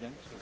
Präsident.